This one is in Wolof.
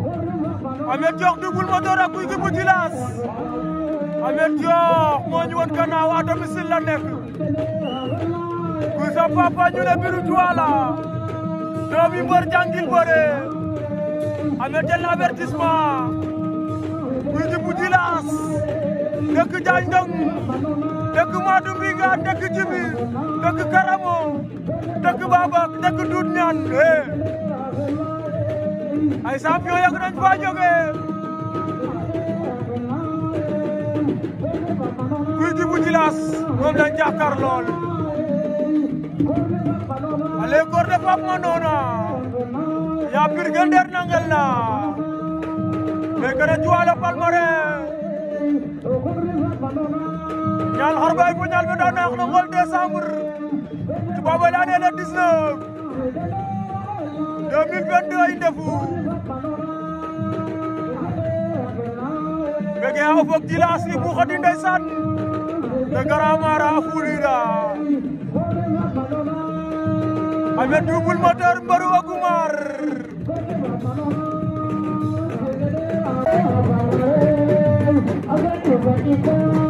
Ameth Diokh Double Moteur ak Gouye Gui bu Djilass Ameth Diokh moo ñu woon gannaaw à domicile la nekk kuy sa papa ñu ne biru Joala doomi mbër jàngil bëre Ameth jël na avertissement Gouye Gui bu Djilass dëkk Diagne Ndong dëkk Madou Mbiga dëkk Djibi dëkk Karamo dëkk Babak dëkk Doudou Niane eh. ay champion yàgg nañ fa jóge Gouye Gui bu Djilass moom lañ jàkkaar lool ale góor de fap ma noona yaa pir der nangel na mais gën juwaale palmarin ñaal xar bay bu ñaal bi daan neex na ngol décembre tubaab la nee le 19 2022 i ndefu mbege a fog jilas i buxadi ndeysaan te gara mara a fulira ame dubul moteur mbaru a gumar Thank you.